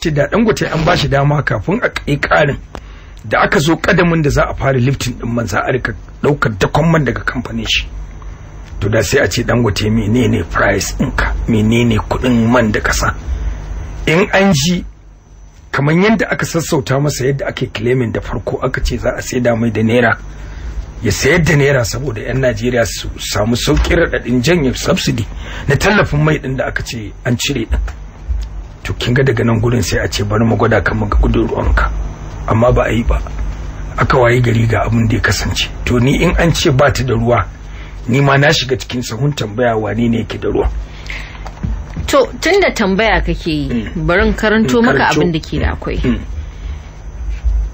ce da dangote an bashi dama kafin a kai karin da aka zo kadamin da za a fara liftin din man za a rika daukar dakon man daga kamfanin shi to da sai a ce dangote menene price ɗinka menene kuɗin man da kasa in an ji kamar yadda aka sassauta masa yadda ake claiming da farko aka ce za a da mai da naira ya sayar da naira saboda 'yan najeriya su samu sauƙi raɗaɗin janye subsidy na tallafin mai ɗin da aka ce an cire ɗin to kin ga daga nan gurin sai a ce bari mu gwada kan ga gudun ruwanka amma ba a yi ba aka waye gari ga abin da ya kasance to ni in an ce ba ta da ruwa ni ma na shiga cikin sahun tambaya wane ne yake da ruwa to tunda tambaya kake yi hmm. in karanto hmm, maka abin da ke da akwai hmm.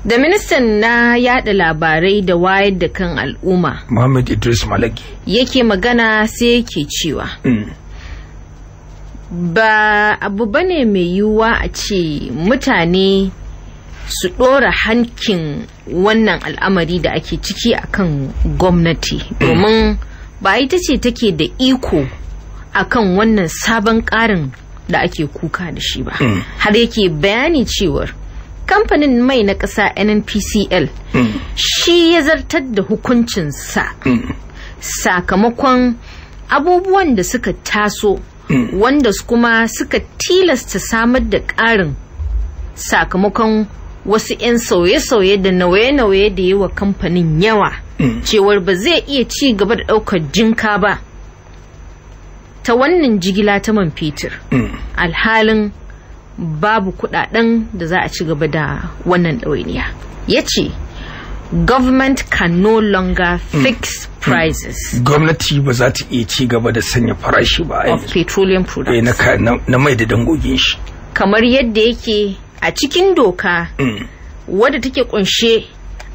da ministan na yada labarai da wayar da kan al'umma Muhammad Idris Malagi. yake magana sai yake cewa ba abu bane mai yiwuwa a ce mutane su ɗora hankin wannan al'amari da ake ciki kan gwamnati hmm. domin ba ita ce take da iko akan wannan sabon ƙarin da ake kuka da shi ba hmm. har yake bayani cewar kamfanin mai na ƙasa nnpcl hmm. shi ya zartar da hukuncinsa sakamakon abubuwan da suka taso wanda kuma suka tilasta samar da ƙarin sakamakon wasu 'yan sauye-sauye da nauye-nauye da yi wa kamfanin yawa mm. cewar ba zai iya ci gaba da ɗaukar jinka ba ta wannan jigila ta man fetur mm. alhalin babu kudaden da za a ci gaba da wannan ɗawainiya ya ce government can no longer mm. fix mm. prices. Gwamnati ba za ta iya ci gaba da sanya farashi ba of petroleum eh, products. na, mai da dangogin shi. Kamar yadda yake a cikin doka mm. wadda take kunshe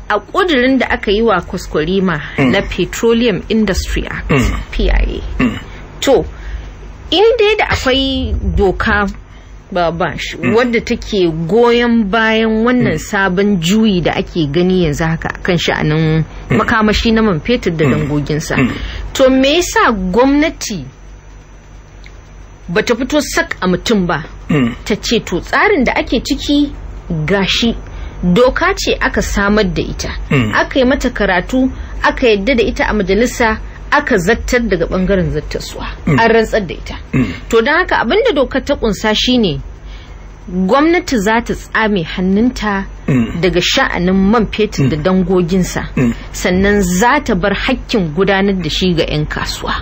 a kudirin da aka yi wa kuskurima mm. na Petroleum Industry Act PIA. To, in dai da akwai doka babash wadda take goyon bayan wannan sabon juyi da ake gani yanzu haka kan sha'anin makamashi na man fetur da dangoginsa to me yasa gwamnati bata fito sak a mutum ba ta ce to tsarin da ake ciki gashi doka ce aka samar da ita aka yi mata karatu aka yadda da ita a majalisa aka zattar daga bangaren zattaswa mm. an rantsar da ita mm. to don haka abinda dokar ta kunsa shine gwamnati za ta tsame hannunta mm. daga sha'anin man fetur da dangoginsa sannan za ta bar hakkin gudanar da shi ga 'yan kasuwa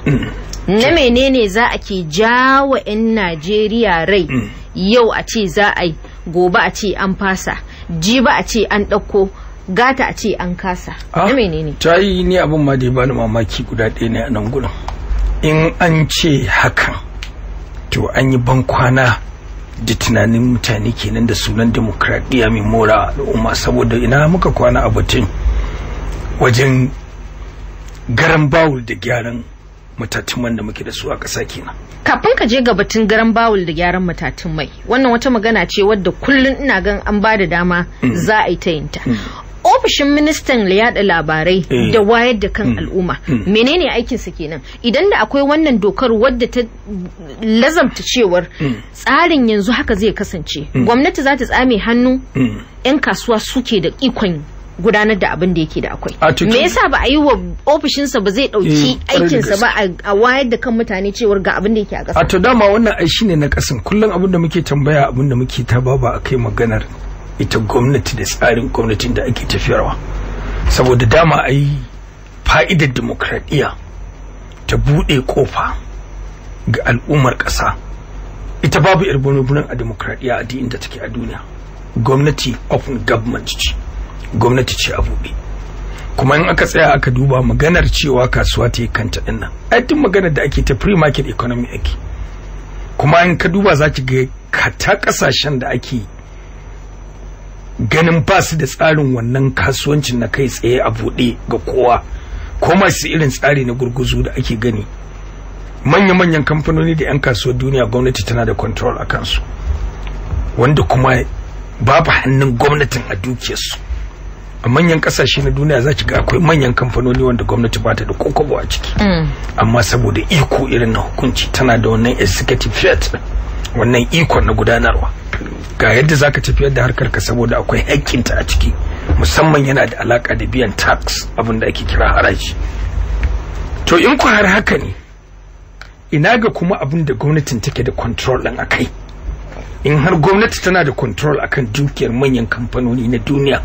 na menene za a ke jawa 'yan najeriya rai yau a ce za a yi gobe a ce an fasa ba a ce an ɗauko gata a ce an kasa na ah, menene ta yi ni abin ma da ya bani mamaki guda ɗaya ne a nan gudun in an ce hakan to an yi ban kwana da tunanin mutane kenan da sunan demokradiyya mai mora al'umma saboda ina muka kwana a batun wajen garan bawul da gyaran matatun da muke da su a ƙasa kenan kafin ka je ga batun garan bawul da gyaran matatun mai wannan wata magana ce wadda kullum ina gan an ba da dama mm. za a yi ta yinta mm. ofishin ministan yaɗa labarai eh. da wayar da kan mm. al'umma mm. menene aikinsa kenan idan da akwai wannan dokar wadda ta lazamta cewar mm. tsarin yanzu haka zai kasance gwamnati za ta tsame hannu 'yan kasuwa suke da ikon gudanar da abin da yake da akwai me yasa ba a yi wa ofishinsa ba zai dauki eh, aikinsa ba a wayar da kan mutane cewar ga abin da yake a ƙasa a to dama wannan ai shine na ƙasan kullum abin da muke tambaya abin da muke ta ba ba a kai maganar ita gwamnati da tsarin gwamnatin da ake tafiyarwa saboda dama a yi fa'idar demokradiyya ta buɗe ƙofa ga al'ummar ƙasa ita babu irbinobinan a demokradiyya a da take a duniya gwamnati open government ce gwamnati ce a buɗe kuma in aka tsaya aka duba maganar cewa kasuwa ta yi kanta ɗin nan a duk maganar da ake ta free market economy ake kuma in ka duba za ki ga kata ƙasashen da ake ganin ba su da tsarin wannan kasuwancin na kai tsaye a buɗe ga kowa ko masu irin tsari na gurguzu da ake gani manya-manyan kamfanoni da 'yan kasuwar duniya gwamnati tana da control a kansu wanda kuma babu hannun gwamnatin a dukiyarsu a manyan kasashe na duniya za ki ga akwai manyan kamfanoni wanda gwamnati ba ta da kokobo a ciki mm. amma saboda iko irin na hukunci tana da wannan executive fiat wannan ikon na gudanarwa ga yadda za ka tafiyar da harkar ka saboda akwai haƙƙinta a ciki musamman yana da alaƙa da biyan tax abin da ake kira haraji to in ku har haka ne ina ga kuma abin da gwamnatin take da control ɗin akai in har gwamnati tana da control akan dukiyar manyan kamfanoni na duniya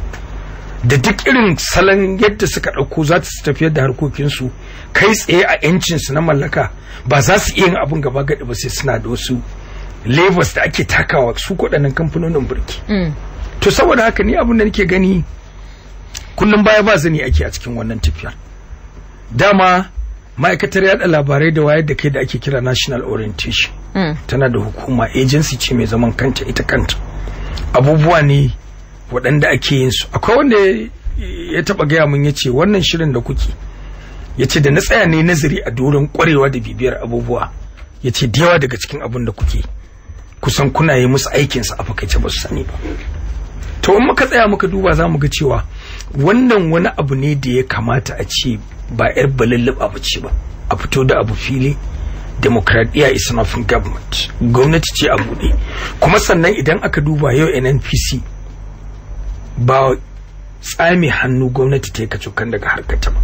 da duk irin salon yadda suka ɗauko za su tafiyar da harkokinsu kai tsaye a 'yancinsu na mallaka ba za su iya yin abin gaba gaɗi ba sai suna da wasu levels da ake takawa su kuɗannan kamfanonin burki mm. to saboda haka ni abin da nake gani kullum baya ba zani ake a cikin wannan tafiyar dama ma'aikatar yada labarai da wayar da kai da ake kira national orientation mm. tana da hukuma agency ce mai zaman kanta ita kanta abubuwa ne waɗanda ake yin su akwai wanda ya taɓa gaya mun yace wannan shirin da kuke yace da na tsaya ne nazari a doron kwarewa da bibiyar abubuwa yace ce da yawa daga cikin abin da kuke kusan kuna yi musu aikinsa a fakaice ba su sani ba to in muka tsaya muka duba za mu ga cewa wannan wani abu ne da ya kamata a ce ba 'yar balallaba ba ce ba a fito da abu fili demokradiyya is not from government gwamnati ce a buɗe kuma sannan idan aka duba yau nnpc ba tsami hannu gwamnati ta yi kacokan daga harkata ba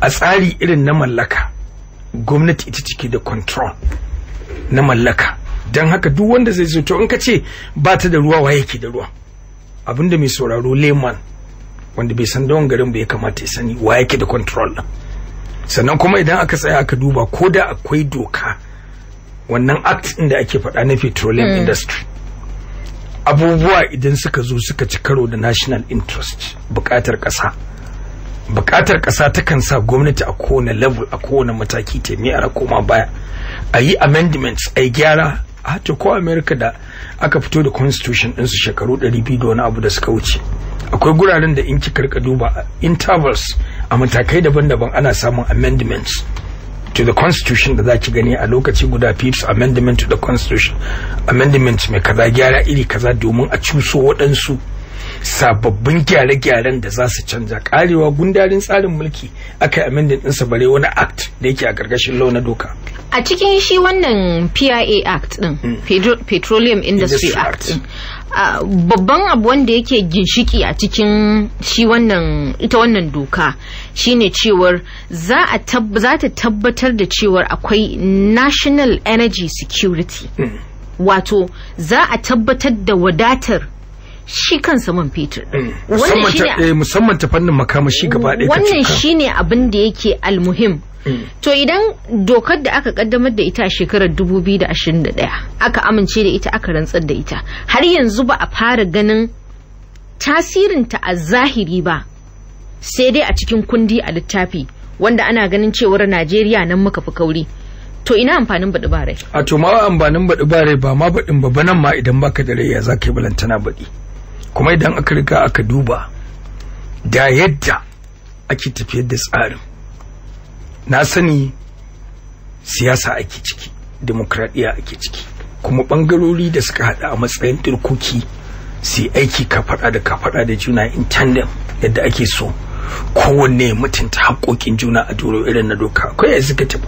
a tsari irin na mallaka gwamnati ita cike da control na mallaka don haka duk wanda zai zo to in ka ce ba ta da ruwa wa yake da ruwa abinda mai sauraro leman wanda bai san dawon garin ya kamata ya sani wa yake da control sannan kuma idan aka tsaya aka duba ko da akwai doka wannan act da ake faɗa na petroleum hmm. industry abubuwa idan suka zo suka ci karo da national interest bukatar ƙasa bukatar ƙasa takan sa gwamnati a kowane level a kowane mataki ta miyar koma baya a yi amendments a yi gyara hatta ko america da aka fito da constitution su shekaru 200 da wani abu da suka wuce akwai guraren da in kika rika duba uh, intervals a matakai daban-daban ana samun amendments to the constitution da za ki gani a lokaci guda fifth amendment to the constitution amendment mai kaza gyara iri kaza domin a cuso waɗansu sababbin gyare-gyaren da za su canja karewa gundarin tsarin mulki aka yi amendment ɗinsa bare wani act da yake a ƙarƙashin law na doka a cikin shi wannan pia act din hmm. petroleum industry, act babban abu wanda yake ginshiki a cikin shi wannan ita wannan doka shine cewar za a za ta tabbatar da cewar akwai national energy security hmm. wato za a tabbatar da wadatar shi kansa man fetur. Hmm. Eh, musamman ta fannin makamashi gaba ɗaya Wannan shi ne abin da yake almuhim to idan dokar da aka kaddamar da ita a shekarar 2021 aka amince da ita aka rantsar da ita har yanzu ba a fara ganin tasirinta a zahiri ba sai dai a cikin kundi a littafi wanda ana ganin cewar najeriya nan muka fi kauri to ina amfanin baɗi barai? a to ma amfanin baɗi barai ba ma baɗin ba nan ma idan baka da rayya za ka yi balantana baɗi kuma idan aka riga aka duba da yadda ake tafiyar da tsarin na sani siyasa ake ciki demokradiyya ake ciki kuma bangarori da suka hada a matsayin turkuki suyi aiki kafaɗa da kafaɗa da juna in tandem yadda ake so kowanne mutunta haƙoƙin juna a duro irin na doka akwai executive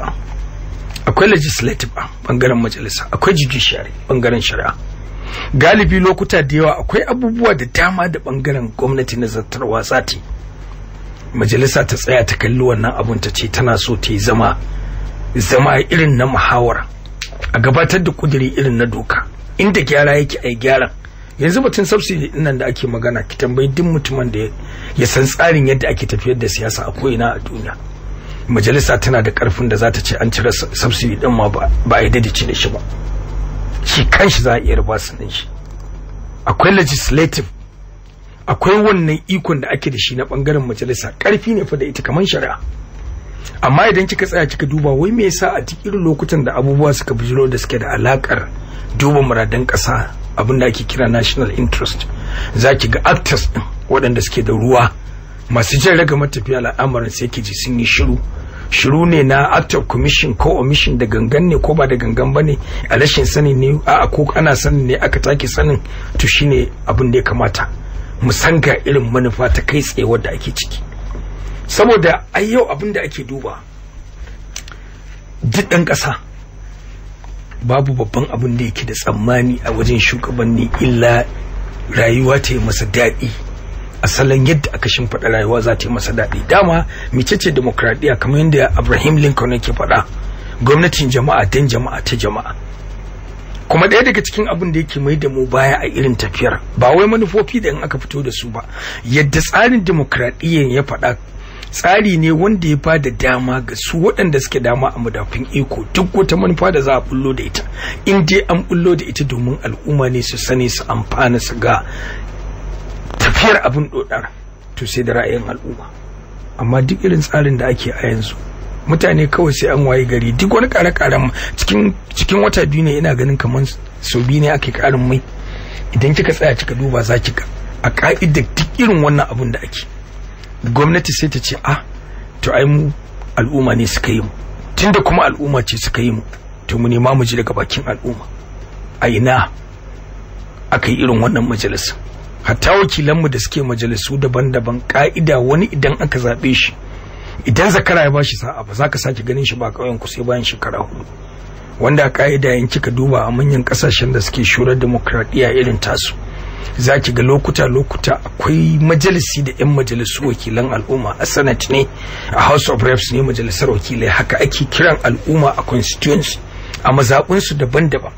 akwai legislative bangaren majalisa akwai judiciary bangaren shari'a galibi lokuta da yawa akwai abubuwa da dama da bangaren gwamnati na zartarwa zati majalisa ta tsaya ta kalli wannan abun ta ce tana so ta yi zama zama irin na muhawara a gabatar da kudiri irin na doka inda gyara yake a gyaran yanzu batun subsidy din nan da ake magana ki tambayi duk mutumin da ya san tsarin yadda ake tafiyar da siyasa a ko'ina a duniya majalisa tana da karfin da za ta ce an cire subsidy din ma ba a yi ci da shi ba shi kanshi za a iya riba su shi akwai legislative akwai wannan ikon da ake da shi na bangaren majalisa karfi ne fa da ita kaman shari'a amma idan kika tsaya kika duba wai me yasa a duk irin lokutan da abubuwa suka bijiro da suke da alakar duba muradan kasa abin da ake kira national interest zaki ga actors din waɗanda suke da ruwa masu jan raga matafiya al'amarin sai ke ji sun yi shiru shiru ne na act of commission ko omission da gangan ne ko ba da gangan ba ne a rashin sanin ne a ko ana sanin ne aka take sanin to shine abin da ya kamata Musanga irin manufa ta kai tsaye wadda ake ciki saboda ai yau abin da ake duba duk ɗan ƙasa babu babban abin da yake da tsammani a wajen shugabanni illa rayuwa ta yi masa daɗi Asalan yadda aka shimfiɗa rayuwa za ta yi masa daɗi dama micece demokradiyya kamar yadda abraham lincoln yake faɗa gwamnatin jama'a dan jama'a ta jama'a kuma ɗaya daga cikin abin da yake mai da mu baya a irin tafiyar ba wai manufofi da in aka fito da su ba yadda tsarin demokradiyyar ya faɗa tsari ne wanda ya ba da dama ga su waɗanda suke dama a madafin iko duk wata manufa da za a bullo da ita in dai an bullo da ita domin al'umma ne su sani su amfana su ga tafiyar abin ɗoɗar to sai da ra'ayin al'umma amma duk irin tsarin da ake a yanzu mutane kawai sai an waye gari duk wani kare-karen cikin cikin wata biyu ne ina ganin kamar sau biyu ne ake karin mai idan kika tsaya kika duba za ki ga a ka'idar duk irin wannan abun da ake gwamnati sai ta ce ah to ai mu al'umma ne suka yi mu tunda kuma al'umma ce suka yi mu to mu ne ma mu ji daga bakin al'umma a ina aka yi irin wannan majalisa hatta wakilanmu da suke majalisu daban-daban ka'ida wani idan aka zaɓe shi idan zakara ya bashi sa'a ba za ka sake ganin shi ba kauyen ku sai bayan shekara hudu wanda ka'ida in kika duba a manyan kasashen da suke shurar demokradiyya irin tasu za ki ga lokuta-lokuta akwai majalisi da 'yan majalisu wakilan al'umma a senate ne a house of reps ne majalisar wakilai haka ake kiran al'umma a constituency a mazaɓinsu daban-daban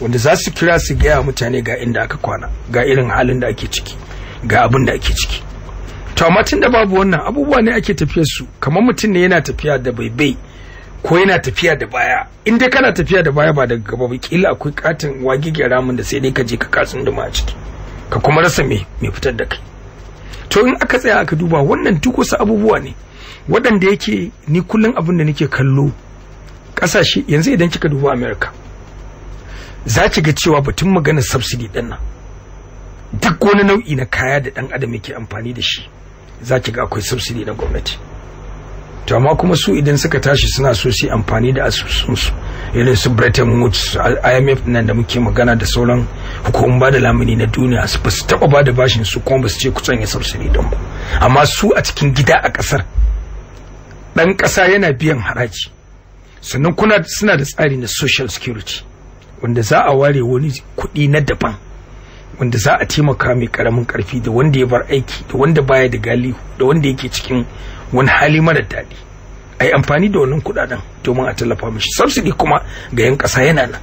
wanda za su kira su gaya mutane ga inda aka kwana ga irin halin da ake ciki ga abin da ake ciki to amma tun da babu wannan abubuwa ne ake tafiya su kamar mutum ne yana tafiya da baibai ko yana tafiya da baya in dai kana tafiya da baya ba daga gaba ba kila akwai katin wagige ramin da sai dai ka je ka katsin duma a ciki ka kuma rasa me me fitar da kai to in aka tsaya aka duba wannan duk wasu abubuwa ne waɗanda yake ni kullum abin da nake kallo ƙasashe yanzu idan kika duba america za ki ga cewa batun maganar subsidy ɗin nan duk wani nau'i na kaya da ɗan adam yake amfani da shi za ki ga akwai subsidy na gwamnati to amma kuma su idan suka tashi suna so su amfani da asusunsu irin su Bretton Woods IMF nan da muke magana da sauran hukumar bada lamuni na duniya su ba su taba bada bashin su kuma ba su ce ku ya subsidy don ba amma su a cikin gida a kasar dan kasa yana biyan haraji sannan kuna suna da tsari na social security wanda za a ware wani kuɗi na daban wanda za a taimaka mai karamin karfi da wanda ya bar aiki da wanda baya da galihu da wanda yake cikin wani hali mara daɗi a yi amfani da wannan kuɗaɗen domin a tallafa mishi subsidy kuma ga 'yan ƙasa yana nan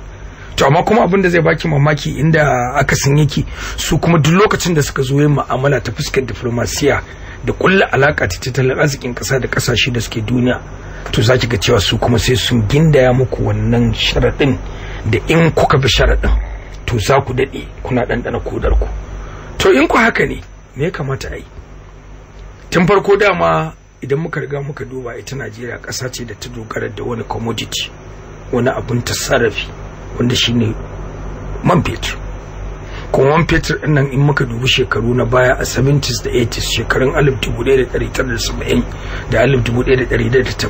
to amma kuma abin da zai baki mamaki inda aka san yake su kuma duk lokacin da suka zo yin mu'amala ta fuskar diflomasiya da kulla alaka ta tattalin arzikin ƙasa da ƙasashe da suke duniya to za ki ga cewa su kuma sai sun gindaya muku wannan sharaɗin da in kuka bi sharaɗin to za ku daɗe kuna ɗanɗana kodar ku to in ku haka ne me ya kamata a yi tun farko dama idan muka riga muka duba ita najeriya ƙasa ce da ta dogara da wani commodity wani abin sarrafi wanda shine man fetur kuma man fetur ɗin nan in muka dubi shekaru na baya a 70s da 80s shekarun 1970 da 1980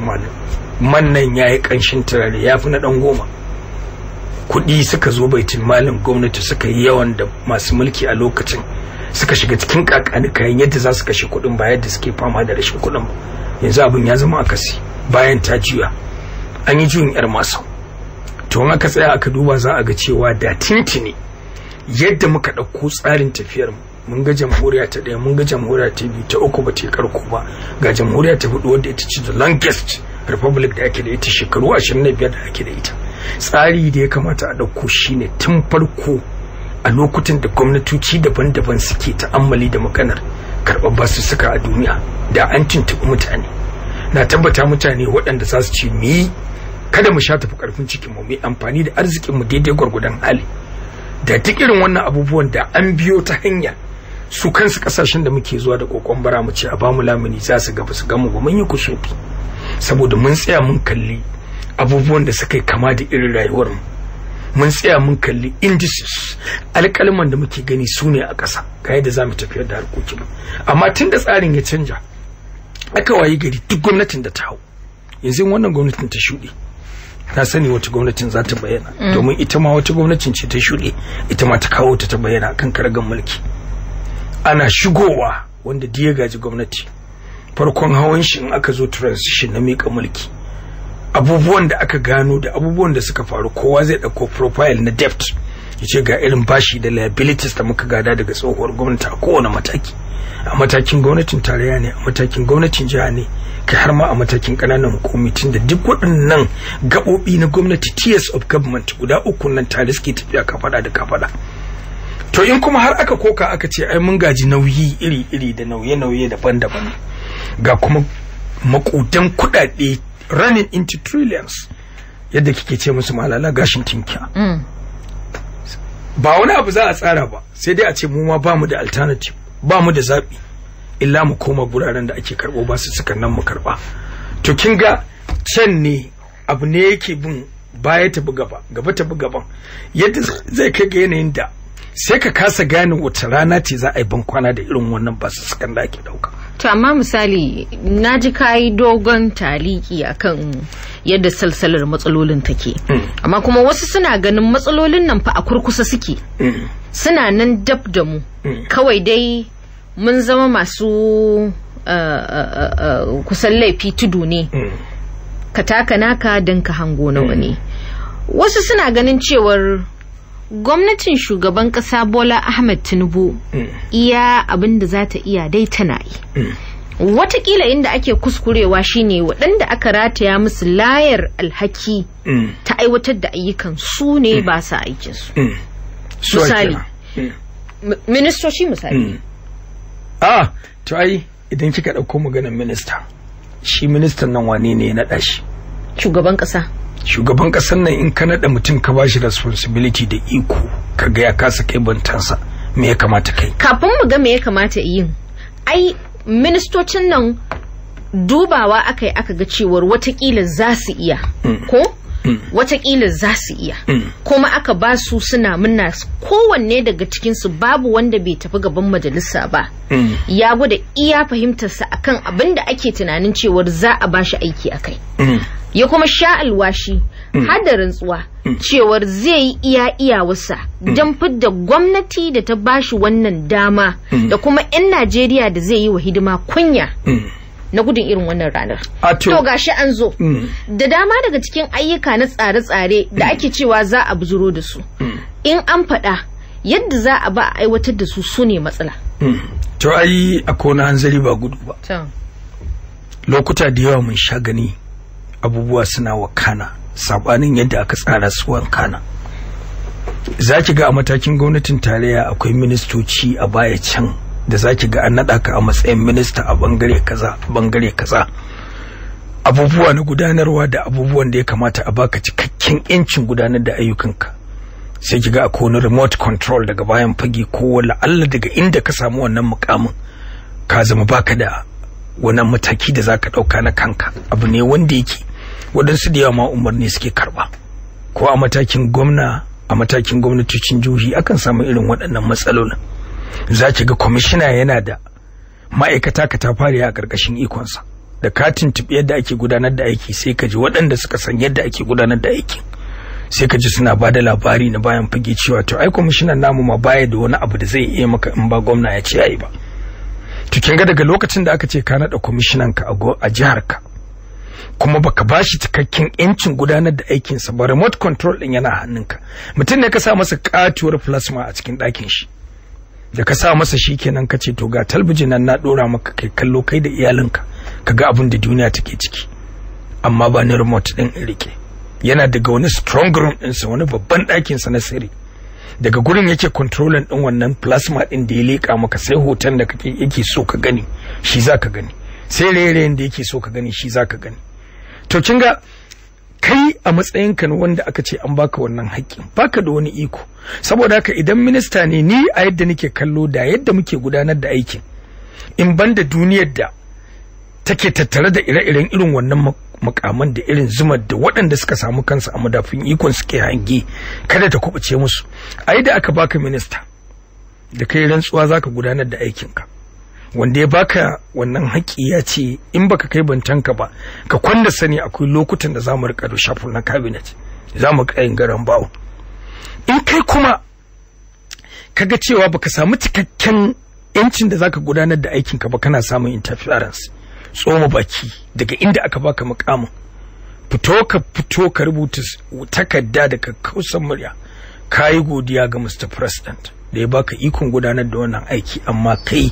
man nan ya yi ƙanshin turare ya fi na ɗan goma kuɗi suka zo baitin malin gwamnati suka yi yawan da masu mulki a lokacin suka shiga cikin kakani kayan yadda za su kashe kuɗin ba yadda suke fama da rashin kuɗin ba yanzu abin ya zama akasi bayan ta juya an yi juyin yar masu to in aka tsaya aka duba za a ga cewa da tintini yadda muka ɗauko tsarin tafiyar mu mun ga jamhuriya ta ɗaya mun ga jamhuriya ta biyu ta uku ba ta karko ba ga jamhuriya ta hudu wadda ita ce the longest republic da ake da ita shekaru biyar da ake da ita tsari da ya kamata a ɗauko shine tun farko a lokutan da gwamnatoci daban-daban suke ta'ammali da maganar karɓar suka a duniya da an tuntuɓi mutane na tabbata mutane waɗanda za su ce mu yi kada mu sha tafi karfin cikin mu yi amfani da arzikin mu daidai gwargwadon hali da duk irin wannan abubuwan da an biyo ta hanya su kansu kasashen da muke zuwa da kokon bara mu ce a bamu lamuni za su gaba su gamu ba mun yi kusurfi saboda mun tsaya mun kalli abubuwan da suka yi kama da irin rayuwar mu mun tsaya mun kalli indices alƙalman da muke gani sune a ƙasa ga yadda za mu tafiyar da harkokin amma tun da tsarin ya canja aka wayi gari duk gwamnatin da ta hau yanzu wannan gwamnatin ta shuɗe na sani wata gwamnatin za ta bayyana mm. domin ita ma wata gwamnatin ce ta shuɗe ita ma ta kawo ta ta bayyana kan karagan mulki ana shigowa wanda da ya gaji gwamnati farkon hawan shi in aka zo transition na miƙa mulki abubuwan da aka gano da abubuwan da suka faru kowa zai ɗauko profile na debt ya ga irin bashi da liabilities da muka gada daga tsohuwar gwamnati a kowane mataki a matakin gwamnatin tarayya ne a matakin gwamnatin jiha ne kai har ma a matakin kananan hukumi tun da duk waɗannan gaɓoɓi na gwamnati tiers of government guda uku nan tare suke tafiya kafaɗa da kafaɗa to in kuma har aka koka aka ce ai mun gaji nauyi iri-iri da nauye-nauye daban-daban ga kuma makudan kuɗaɗe running into trillions yadda kike ce musu malala gashin tinkiya mm. ba wani abu za a tsara ba sai dai a ce mu ma bamu da alternative bamu da zaɓi illa mu koma guraren da ake karɓo ba su suka nan mu karɓa to kin ga can ne abu ne yake bin baya tafi gaba gaba tafi gaban yadda zai kai ga yanayin da sai ka kasa gane wata rana ce za a yi ban kwana da irin wannan ba su suka da ake ɗauka to amma misali na ji kayi dogon taliki akan yadda salsalar matsalolin take hmm. amma kuma wasu suna ganin matsalolin nan fa a kurkusa suke hmm. suna nan dab da mu hmm. kawai dai mun zama masu uh, uh, uh, kusan laifi tudu ne ka taka naka don ka hango nawa ne wasu suna ganin cewar gwamnatin shugaban Kasa bola ahmed tinubu mm. iya abin da za ta iya dai tana yi mm. watakila inda ake kuskurewa shine waɗanda aka rataya musu layar alhaki mm. ta aiwatar da ayyukan su ne ba sa su misali ministoci misali ah to ai idan kika ɗauko maganar minista shi ministan nan wane ne na ɗashi? shugaban ƙasa shugaban ƙasar nan in ka naɗa mutum ka bashi responsibility da iko ga ya kasa kai bantansa me ya kamata kai kafin mu ga me ya kamata yin ai ministocin nan dubawa aka aka ga cewar watakila za su iya mm. ko watakila za su iya mm. kuma aka ba su suna muna kowanne daga cikinsu babu wanda bai tafi gaban majalisa ba mm. ya gwada iya fahimtarsa akan abin da ake tunanin cewar za a ba shi aiki a kai mm. ya kuma sha alwashi hada rantsuwa cewar zai yi iya iyawarsa don fidda gwamnati da ta ba shi wannan dama da kuma 'yan najeriya da zai yi wa hidima kunya na gudun irin wannan ranar. To gashi an zo. Mm. Da dama daga cikin ayyuka na tsare-tsare da mm. ake cewa za a buzuro da su. Mm. In an faɗa yadda za a ba a aiwatar da su su ne matsala. To ai a kona hanzari ba gudu ba. Lokuta da yawa mun sha gani abubuwa suna wa kana sabanin yadda aka tsara su kana. Za ki ga a matakin gwamnatin tarayya akwai ministoci a baya can da zaki ga an naɗa ka a matsayin minista a bangare kaza bangare kaza abubuwa na gudanarwa da abubuwan da ya kamata a baka cikakken yancin gudanar da ayyukan ka. sai ki ga akwai wani remote control daga bayan fage ko la'alla daga inda ka samu wannan mukamin ka zama baka da wannan mataki da zaka ɗauka na kanka abu ne wanda yake waɗansu da yawa ma umarni suke karba. ko a matakin gwamna a matakin gwamnatocin jihohi akan samu irin waɗannan matsalolin za ki ga kwamishina yana da ma'aikata ka ta fari a ƙarƙashin ikonsa da katin tuntuɓi yadda ake gudanar da aiki sai ka ji waɗanda suka san yadda ake gudanar da aikin sai ka ji suna ba da labari na bayan fage cewa to ai kwamishinan namu ma baya da wani abu da zai iya maka in ba gwamna ya ce yayi ba to kin ga daga lokacin da aka ce ka naɗa kwamishinan ka a jihar ka kuma baka ba shi cikakken yancin gudanar da aikinsa ba remote control din yana hannunka mutum ne ka sa masa katuwar plasma a cikin ɗakin shi da ka sa masa shi kenan ka ce to ga talbijin nan na dora maka kai kallo kai da iyalinka ka ga abin da duniya take ciki amma ba ni remote din in rike yana daga wani strong room sa wani babban ɗakin sa na sirri daga gurin yake controller din wannan plasma din da ya leka maka sai hoton da kake yake so ka gani shi za ka gani sai rairayin da yake so ka gani shi zaka gani to kin ga kai a matsayinka ne wanda aka ce an baka wannan haƙƙin baka da wani iko saboda haka idan minista ne ni a yadda nake kallo da yadda muke gudanar da aikin in ban da duniyar da take tattare da ire-iren irin wannan makaman da irin zumar da waɗanda suka samu kansu a madafin ikon suke hange kada ta kubuce musu ai da aka baka minista da kai rantsuwa zaka gudanar da aikinka wanda ya baka wannan haƙƙi ya ce in baka kai bantanka ba ka kwanda sani akwai lokutan da zamu rika da shafin na cabinet zamu kai garan bawo in kai kuma kaga cewa baka samu cikakken yancin da zaka gudanar da aikin ka ba kana samun interference tsoma baki daga inda aka baka mukamin fito ka fito ka rubuta takarda da kakkausan murya kayi godiya ga Mr. President da ya baka ikon gudanar da wannan aiki amma kai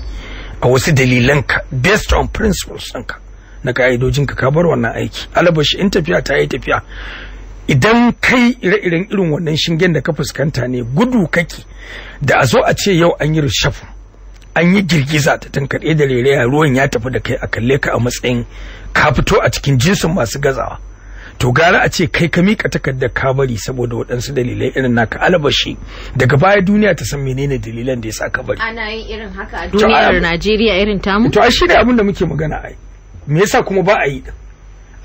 a wasu dalilanka based on principles ɗinka na ka'idojinka ka bar wannan aiki alabashi in tafiya ta yi tafiya idan kai ire-iren irin wannan shingen da ka fuskanta ne gudu kake da a zo a ce yau an yi rishafin an yi girgiza ta tankaɗe da rere ruwan ya tafi da kai a kalle ka a matsayin ka fito a cikin jinsin masu gazawa to gara a ce kai ka mika takardar ka bari saboda waɗansu dalilai irin naka alabashi daga baya duniya ta san menene dalilan da yasa ka bari ana yin irin haka a duniyar Najeriya irin tamu to shi ne abin da muke magana ai me yasa kuma ba a yi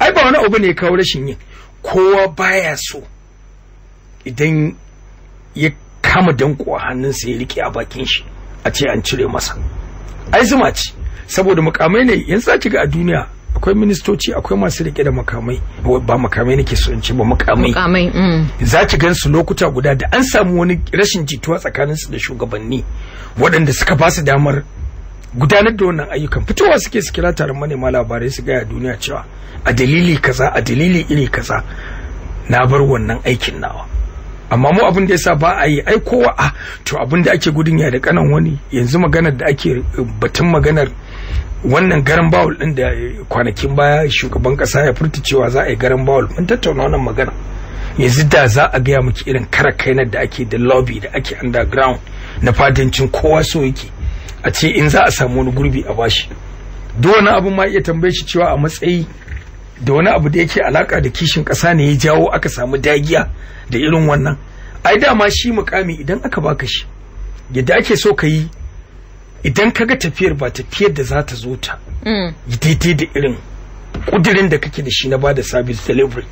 ai ba wani abu ne kawo rashin yin kowa baya so idan ya kama danko a hannunsa ya rike a bakin shi a ce an cire masa ai zuma ce saboda mukamai ne yanzu za ki ga a duniya akwai ministoci akwai masu rike da makamai ba makamai nake so in ce ba makamai makamai mm. za ki gan su lokuta guda da an samu wani rashin jituwa tsakanin su da shugabanni waɗanda suka ba su damar gudanar da wannan ayyukan fitowa suke su kira taron manema labarai su gaya duniya cewa a dalili kaza a dalili iri kaza na bar wannan aikin nawa amma mu abin da yasa ba a yi ai kowa a ah, to abin da ake gudun ya da kanan wani yanzu maganar da ake eh, batun maganar wannan garan bawul din da kwanakin baya shugaban kasa ya furta cewa za a yi garan bawul mun tattauna wannan magana yanzu da za a gaya miki irin kara kainar da ake da lobby da ake underground na fadancin kowa so yake a ce in za a samu wani gurbi a bashi duk wani abu ma iya tambaye shi cewa a matsayi da wani abu da yake alaka da kishin kasa ne ya jawo aka samu dagiya da irin wannan ai dama shi mukami idan aka baka shi yadda ake so ka yi idan kaga tafiyar ba tafiyar da za ta zo ta mm. daidai da irin kudirin da kake da shi na bada service delivery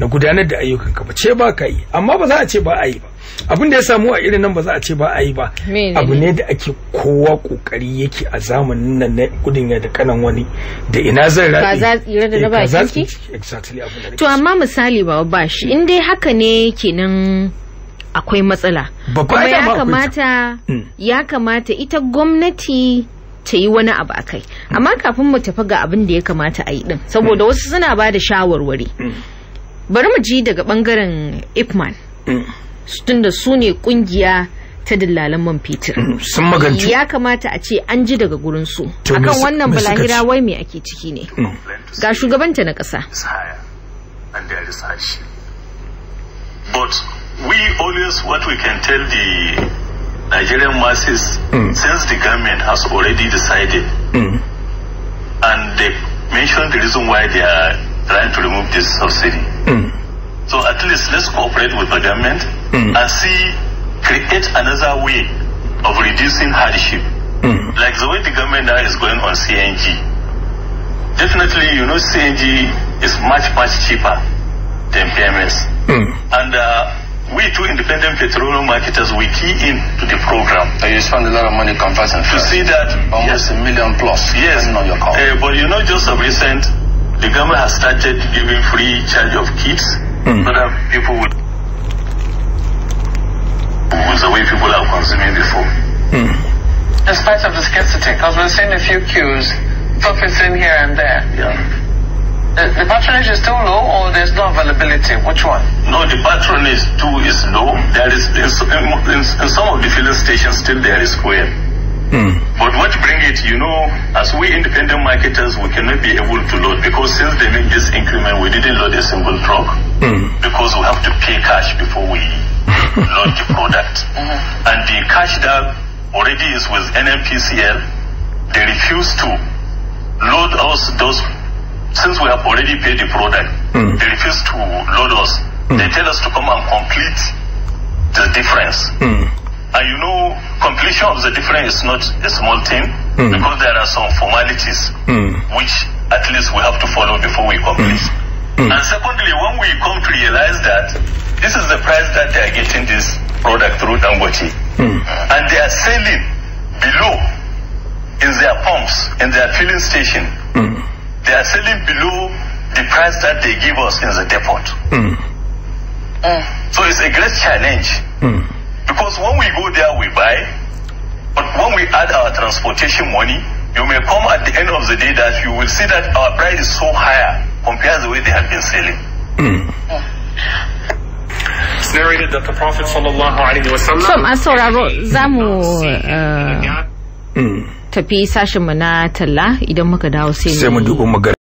na gudanar da ayyukan ka ba ce ba ka yi amma ba za a ce ba a yi ba abin da ya samu a irin nan ba za a ce ba a yi ba abu ne da ake kowa kokari yake a zamanin nan na gudun ya da kanan wani da ina zan rabe ba za eh, to amma misali ba ba shi in dai haka ne kenan akwai matsala kuma ya kamata mm. ya kamata ita gwamnati ta yi wani abu a kai mm. amma kafin mu tafi ga abin da ya kamata a yi din saboda mm. wasu suna ba da shawarwari bari mu ji daga bangaren ipman tunda su ne kungiya ta dillalan man fetur sun magance ya kamata a ce an ji daga gurin su akan wannan balahira wai me ake ciki ne ga shugabanta na ƙasa but we always what we can tell the Nigerian masses mm. since the government has already decided mm. and they mentioned the reason why they are trying to remove this subsidy. Mm. So at least let's cooperate with the government mm. and see create another way of reducing hardship. Mm. Like the way the government now is going on CNG. Definitely, you know, CNG is much, much cheaper than PMS. Mm. And uh, we two independent petroleum marketers, we key in to the program. And you spend a lot of money converting. To see that almost yes. a million plus. Yes. On your call. Uh, but you know, just of recent, the government has started giving free charge of kits mm. so that people would the way people are consuming the food. Mm. In spite of the scarcity, because we're seeing a few queues, profits in here and there. Yeah. The, the patronage is too low or there's no availability? Which one? No, the patronage too is low. There is in, in, in some of the filling stations still there is square. Mm. But what bring it, you know, as we independent marketers, we cannot be able to load because since they made this increment, we didn't load a single truck mm. because we have to pay cash before we load the product. Mm. And the cash that already is with NMPCL, they refuse to load us those since we have already paid the product, mm. they refuse to load us. Mm. They tell us to come and complete the difference. Hmm. And you know, completion of the difference is not a small thing hmm. because there are some formalities hmm. which at least we have to follow before we complete. And secondly, when we come to realize that this is the price that they are getting this product through Dangote, and they are selling below in their pumps, in their filling station, mm they are selling below the price that they give us in the depot. Mm. Mm. So it's a great challenge mm. because when we go there, we buy, but when we add our transportation money, you may come at the end of the day that you will see that our price is so higher compared to the way they have been selling. Hmm. Mm. It's narrated that the Prophet sallallahu alaihi wasallam. So I uh, saw tafi sashenmu na talla idan muka dawo sai mu duba